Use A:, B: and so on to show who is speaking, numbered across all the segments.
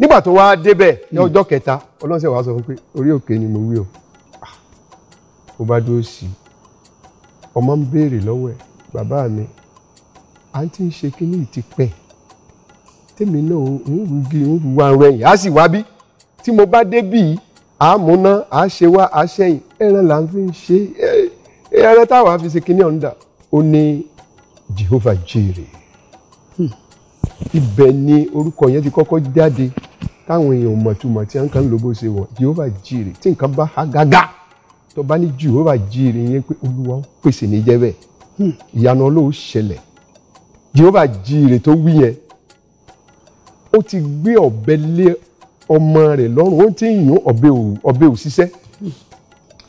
A: nígbà tó wá débẹ̀ ní hmm. ọjọ́ kẹta ọlọ́sẹ̀ wàá sọ fún pé orí òkè ni mo wí o ó ah, bá dúró sí i ọmọ ń béèrè lọ́wọ́ ẹ̀ bàbá mi àǹtí ń ṣe kínní ìtì pẹ́ tèmi náà ń rugi ń ru wa rẹ̀yìn á sì wá bí tí mo bá dé bíi àmúná á ṣe wá á ṣẹ́yìn ẹran là ń fi ṣe ẹran táwa fi ṣe kínní ọ̀hún dà ó ní Jehovah jire hmm. ibẹ̀ ni orúkọ yẹn ti kọ́kọ́ jáde táwọn èèyàn mọ̀túmọ̀ tí wọ́n kàn ń lò bó ṣe wọ̀n Jehovah jire tí nǹkan bá ha gágá tó bá ní Jehovah jire yẹn pé Olúwa pèsè ní jẹ́ bẹ́ẹ̀ hmm. ìyanu Ọlọ́run ṣẹlẹ̀ Jehovah jire tó wí yẹn ó ti gbé ọ̀bẹ lé ọmọ rẹ̀ lọ́rùn ó ti yàn ọ̀bẹ ò ṣiṣẹ́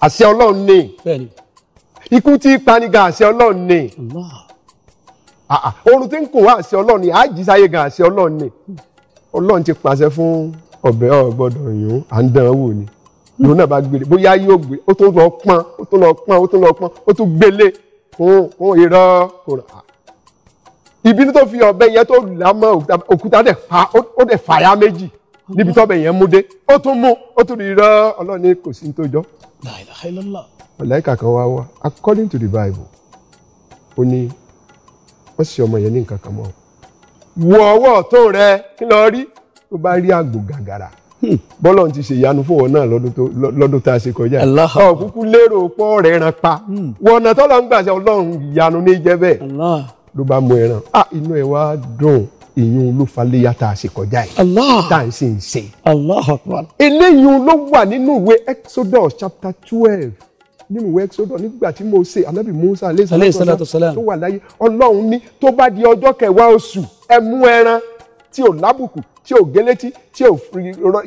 A: àṣẹ Ọlọ́run ni ikú tí paniga àṣẹ Ọlọ́run ni oorun tí ń kò wá àṣẹ Ọlọ́run ni àjíṣayé gan àṣẹ Ọlọ́run ni. Hmm ọlọ́run ti pàṣẹ fún ọ̀bẹ ọ̀gbọ́dọ̀ yòó à ń dán wò ni lòun náà bá gbélé bóyá yóò gbé ó tún lọ pọ́n ó tún lọ pọ́n ó tún lọ pọ́n ó tún gbélé fún fún irọ́ kò rà ìbínú tó fi ọ̀bẹ yẹn tó là mọ́ òkúta ó dẹ̀ fàyà méjì níbi tọ́bẹ yẹn mú dé ó tún mú ó tún rí irọ́ ọlọ́run ní kò sí tó jọ. màláíkà kan wá wá according to the bible ó ní wọ́n sì ọmọ yẹn ní nǹkan kan mọ́ ọ́ wo ọwọ́ ọ̀tún rẹ kí lọ rí tó bá rí àgbò gàgàrà hmm. bọ́lọ̀ ti ṣe ìyanu fòwọ́ náà lọ́dún tá a ṣe kọjá ọ̀ lérò pọ́ rẹ̀ ran pa hmm. wọ̀nà tọ́lọ́ ń gbàṣẹ ọlọ́run ìyanu ní jẹ́ bẹ́ẹ̀ ló bá mú ẹran ah inú ẹ wá dùn ìyún ló faléyà tá a ṣe kọjá yìí tá a ṣe ń ṣe. eléyìí ló wà nínú ìwé Exodus chapter twelve nínú ìwé Exodus nígbà tí mo ṣe anabi Musa aleyhi salatu salam tó wà láyé Ọlọ́run ní tó bá di ọjọ́ kẹwàá oṣù ẹ mú ẹran tí ò lábùkù tí ò gélétí tí ò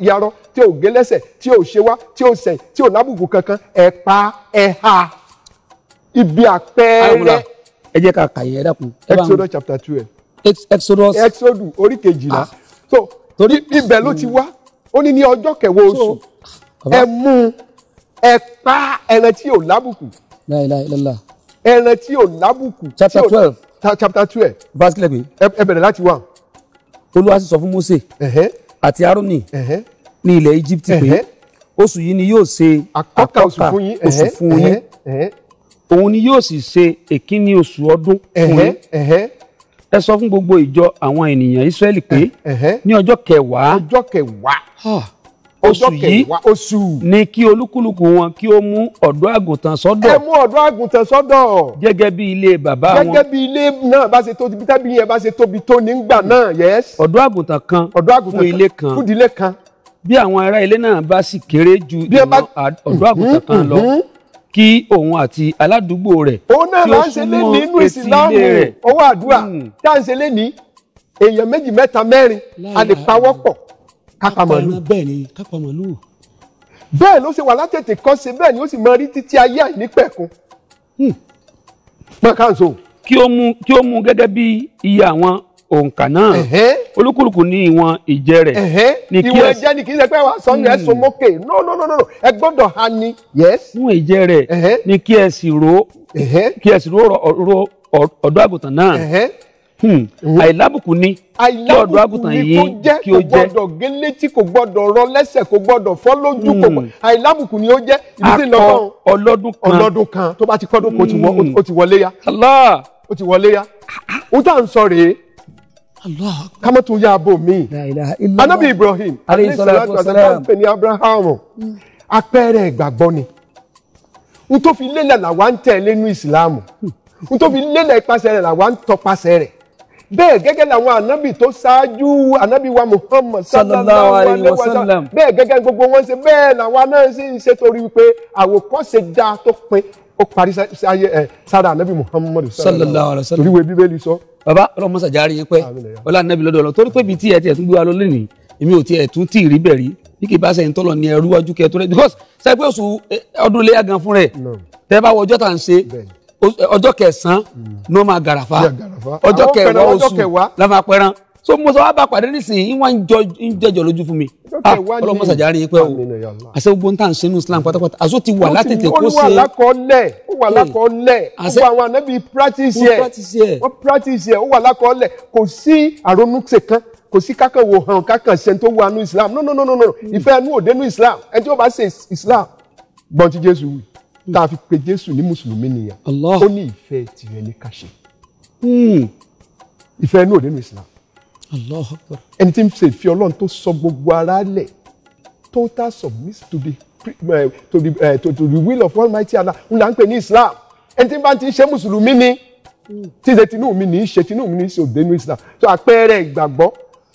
A: yarọ tí ò gélẹ́sẹ̀ tí ò ṣewá tí ò sẹ̀ tí ò lábùkù kankan ẹ pa ibi àpẹẹrẹ. ẹ jẹ́ ká kàyé ẹ dákun. Exodus chapter two ẹ. Exodus. Exodus orí kejìlá ah. so ibẹ̀ ló ti wá ó ní ní ọjọ́ kẹwàá oṣù ah, ẹ ẹ pa ẹran tí yóò lábùkù. ẹran tí yóò lábùkù. chapter twelve. chapter twelve. verse kílẹ̀ pé. ẹ bẹ̀rẹ̀ láti wà. olúwa sì sọ fún Mósè. àti Árónì. ní ilẹ̀ Íjíbítì pé oṣù yìí ni yóò ṣe àkọ́kà oṣù fún yín òun ni yóò sì ṣe èkínní oṣù ọdún fún yín ẹ sọ fún gbogbo ìjọ àwọn ènìyàn Ísírẹ́lì pé ní ọjọ́ kẹwàá ọjọ́ kẹwàá oṣù yìí ni kí olúkúlùkù wọn kí ó mú ọ̀dọ́ àgùntàn sọ́dọ̀. ẹ mú ọ̀dọ́ àgùntàn sọ́dọ̀. gẹ́gẹ́ bí ilé bàbá wọn. gẹ́gẹ́ bí ilé náà bá ṣe tóbi tábìlì yẹn bá ṣe tóbi tó nígbà náà yẹ́s. ọ̀dọ́ àgùntàn kan fún ilé kan fún ìdílé kan. bí àwọn ará ilé náà bá sì kéré ju ìmọ̀ ọ̀dọ́ mm-hmm, àgùntàn kan lọ mm-hmm. kí òun àti aládùúgbò rẹ̀ tí ó súnmọ́ kápá màálù. bẹ́ẹ̀ ni kápá màálù. bẹ́ẹ̀ ló ṣe wà látètè kọ́ sí bẹ́ẹ̀ ni ó sì mọ rí títí ayé àìnípẹ̀kun. pọ́n hmm. káàzó. kí ó mú kí ó mú gẹ́gẹ́ bí iye àwọn òǹkà náà olúkúlùkù ní ìwọn ìjẹ rẹ̀. ní kí ni kì í ṣe pé wàá sọ ẹ hmm. sùn mókè no no no no ẹ gbọ́dọ̀ ha ni. fún ìjẹ rẹ̀ ni kí ẹ sì ro kí ẹ sì ro ọ̀dọ́ àgùntàn náà Hmm. àìlábùkù ni kí àgùntàn yìí kí jẹ́ kò gbọ́dọ̀ gélétí kò gbọdọ rọ lẹ́sẹ̀ kò gbọdọ fọ lójú kò gbọ́dọ̀ hmm. àìlábùkù ni ó jẹ́ ibi tí ń kan kan tó bá ti kọ́dún o ti wọlé ya O ti wọlé ya ó ń sọ mi anabi Ibrahim Abrahamu hmm. ìgbàgbọ́ ni n tó fi lélẹ̀ làwa ń tẹ̀ lẹ́nu ìsìlámù bẹ́ẹ̀ gẹ́gẹ́ làwọn ànábì tó ṣáájú ànábì wa Muhammad sallallahu alayhi wa sallam bẹ́ẹ̀ gẹ́gẹ́ gbogbo wọn ṣe bẹ́ẹ̀ làwọn náà ń ṣe torí wípé àwòkọ́ṣe dáa tó pin ó parí sáyé ẹ sára ànábì Muhammad sallallahu alayhi wa sallam toríwé bíbélì sọ. bàbá ọlọ́run mọsà járe yín pẹ ọlá ànábì lọ́dọ̀ ọlọ torí pé ibi tí ẹ ti ẹ tún gbé wa lọ lónìí èmi ò ti ẹ tún tí ì rí bẹ̀ rí bí kì í bá sẹ́yìn tọ́lọ̀ ní ẹrú wájú kẹ́ẹ́ tó rẹ̀ because sẹ́yìn pé oṣù ọdún iléyà gan fún rẹ̀ tẹ́ bá wọ ọjọ́ tà ń ṣe ọjọ́ kẹsàn-án ní wọ́n máa gàràfà ọjọ́ kẹwàá oṣù la máa pẹran so mo sọ wá bá pàdé nísìnyí wọ́n ń jẹjọ lójú fún mi ọlọ́mọ sàjà rìn pẹ́ o àṣẹ gbogbo nǹkan ṣe ní Islam pátápátá àṣọ ti wà látètè kó ṣe ó wà lákọọ́lẹ̀ ó wà lákọọ́lẹ̀ ó wà àwọn anábì practice ẹ̀ wọ́n practice ẹ̀ ó wà lákọọ́lẹ̀ kò sí àrònúṣe kan kò sí kákan wo hàn kákan ṣe tó wà nù Islam no no no no no hmm. ìfẹ́ ẹnu òde nù Islam ẹni tí ó bá ṣe Islam gbọ́n ti Jésù wù tá a fi pe Jésù ní mùsùlùmí nìyẹn ó ní ìfẹ́ tìrẹ ní ká ṣe hmm. ìfẹ́ inú òde nínú Islam ẹni tí ń ṣe ìfẹ́ Ọlọ́run tó sọ gbogbo ara lẹ̀ total submiss to the eh, to the eh, to, the will of Almighty Allah n là ń pè ní Islam ẹni tí bá ti ń ṣe mùsùlùmí ni tí ṣe tinú mi ní í ṣe tinú mi ní í ṣe òde nínú Islam tó àpẹẹrẹ ìgbàgbọ́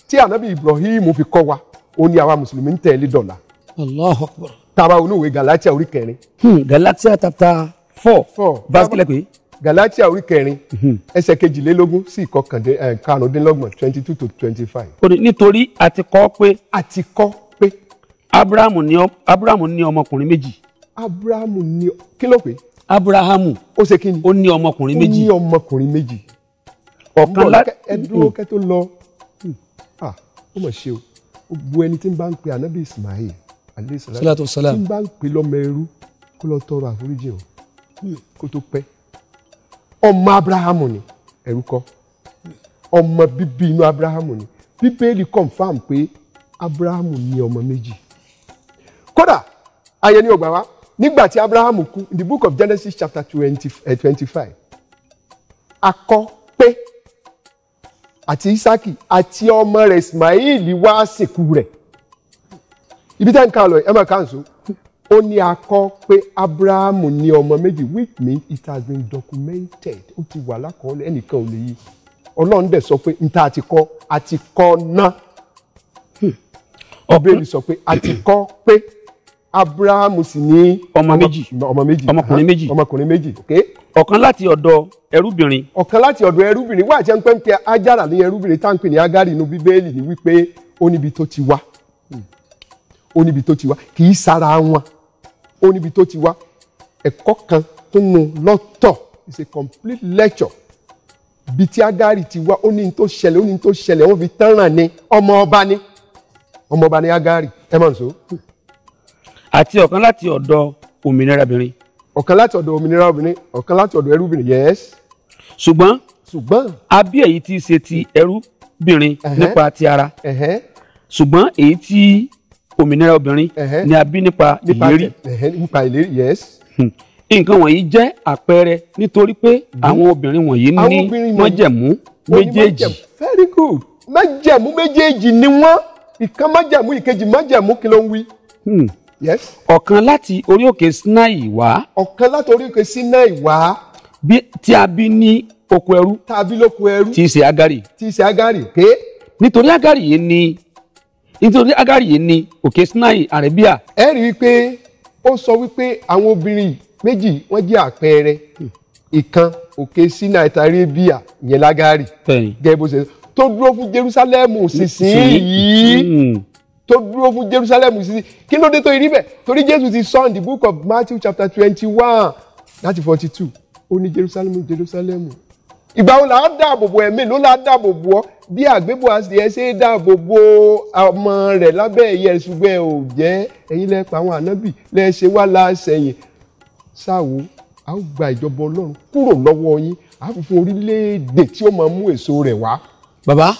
A: tí Ànábì Ibrahim fi kọ́ wa ó ní àwa mùsùlùmí ń tẹ̀lé dọ̀la. Allahu Akbar tàbá onúwe galatia orí kẹrin. Hmm, galatia chapter four four verse kílẹ̀ pé. galatia orí kẹrin hmm. ẹsẹ̀ kejìlélógún sí ìkọkàndín eh, karùndínlọ́gbọ̀n twenty two to twenty five. nítorí a ti kọ pé. a ti kọ pé. abrahamu ní abrahamu ní ọmọkùnrin méjì. abrahamu ní kí ló pé. abrahamu ó ṣe kí ni. ó ní ọmọkùnrin méjì. ó ní ọmọkùnrin méjì. ọ̀kan lá ẹdúró hmm. kẹ́ tó lọ. Hmm. Ah, ó mọ̀ ṣe o gbogbo ẹni tí ń bá ń pe anabi ismail salatu wasalam tí n bá ń pè lọ́mọ ẹrú kó lọ tọrọ àforíjì o kó tó pẹ́ ọmọ abrahamu ni ẹrú kọ́ ọmọ bíbí inú abrahamu ni bíbélì confam pé abrahamu ní ọmọ méjì kódà ayé ni ọgbà wa nígbà tí abrahamu kú in the book of genesis chapter twenty eh, twenty five akọ pé àti isaki àti ọmọ rẹ̀ ismaili wá sìnkú rẹ̀ ibi tẹ́ ń ká lọ ẹ máa ká nso ó ní a pé Abrahamu ní ọmọ méjì which means it has been documented ó ti wà lákọọ́lẹ̀ ẹnìkan ò lè yí Ọlọ́run dẹ̀ sọ pé níta àti kọ́ àti kọ́ ná ọbẹ̀rẹ̀ hmm. sọ pé àti kọ́ pé Abrahamu sì ní ọmọ méjì ọmọ méjì ọmọkùnrin méjì ọmọkùnrin méjì okay. ọ̀kan láti ọ̀dọ̀ ẹrúbìnrin. ọ̀kan láti ọ̀dọ̀ ẹrúbìnrin wà á jẹ́ ń pẹ́ ń pẹ́ ajára ní ẹrúbìnrin táǹpì ní agárì inú bíbélì ni wípé ó níbi tó ti wá. Hmm ó níbi tó ti wá kì í sara wọn ó níbi tó ti wá ẹ̀kọ́ kan tó nu lọ́tọ̀ it's a complete lecture bí tí Ágárì ti wá ó ní tó ṣẹlẹ̀ ó ní tó ṣẹlẹ̀ wọ́n fi tánràn ni ọmọ ọba ni ọmọ ọba ni Ágárì ẹ mọ̀ nso. àti ọ̀kan láti ọ̀dọ̀ òmìnira obìnrin. ọ̀kan láti ọ̀dọ̀ òmìnira obìnrin ọ̀kan láti ọ̀dọ̀ ẹrúbìnrin yes. ṣùgbọ́n ṣùgbọ́n a bí èyí tí í ṣe ti ẹrúbìnrin nípa ti ara ṣùgbọ́n èyí tí òmìnira obìnrin ni a bí nípa ìlérí. nípa ìlérí yes. Hmm. nǹkan wọ̀nyí jẹ́ àpẹẹrẹ nítorí pé mhm. àwọn obìnrin wọ̀nyí ní májẹ̀mú méjèèjì. very good májẹ̀mú méjèèjì ni wọ́n ìkan májẹ̀mú ìkejì májẹ̀mú kí ló ń wí. Hmm. yes. ọ̀kan láti orí òkè Sinai wá. ọ̀kan láti orí òkè Sinai wá. bí tí a bí ní oko ẹrú. tàbí lóko ẹrú. tí í ṣe Ágárì. tí í ṣe Ágárì nítorí Ágárì yìí ni nítorí Agárìyé ni òkè Sinai Arabia. ẹ rí i pé ó sọ wípé àwọn obìnrin méjì wọ́n jẹ́ àpẹẹrẹ hmm. ìkan òkè Sinai Arabia yẹn lágárì gẹ́gẹ́ bó ṣe tó dúró fún Jerusalem sísìn yìí hmm. tó dúró fún Jerusalem sísìn kí ló dé tó rí bẹ́ẹ̀ torí Jésù ti sọ in the book of Matthew chapter twenty one láti forty two ó ní Jerusalem Jerusalem ìgbà wo là á dáàbò bo ẹ̀mí ló là á dáàbò bo ọ́ bí àgbébọ̀ àṣìyẹ ṣe dáàbò bo ọmọ rẹ̀ lábẹ́ ẹ̀yẹ ṣùgbọ́n ẹ ò jẹ́ ẹ̀yin lẹ pa àwọn ànábì lẹ ṣe wá la ṣẹ̀yìn ṣáwo a ó gba ìjọba ọlọ́run kúrò lọ́wọ́ yín a fi fún orílẹ̀-èdè tí ó máa mú èso rẹ̀ wá. bàbá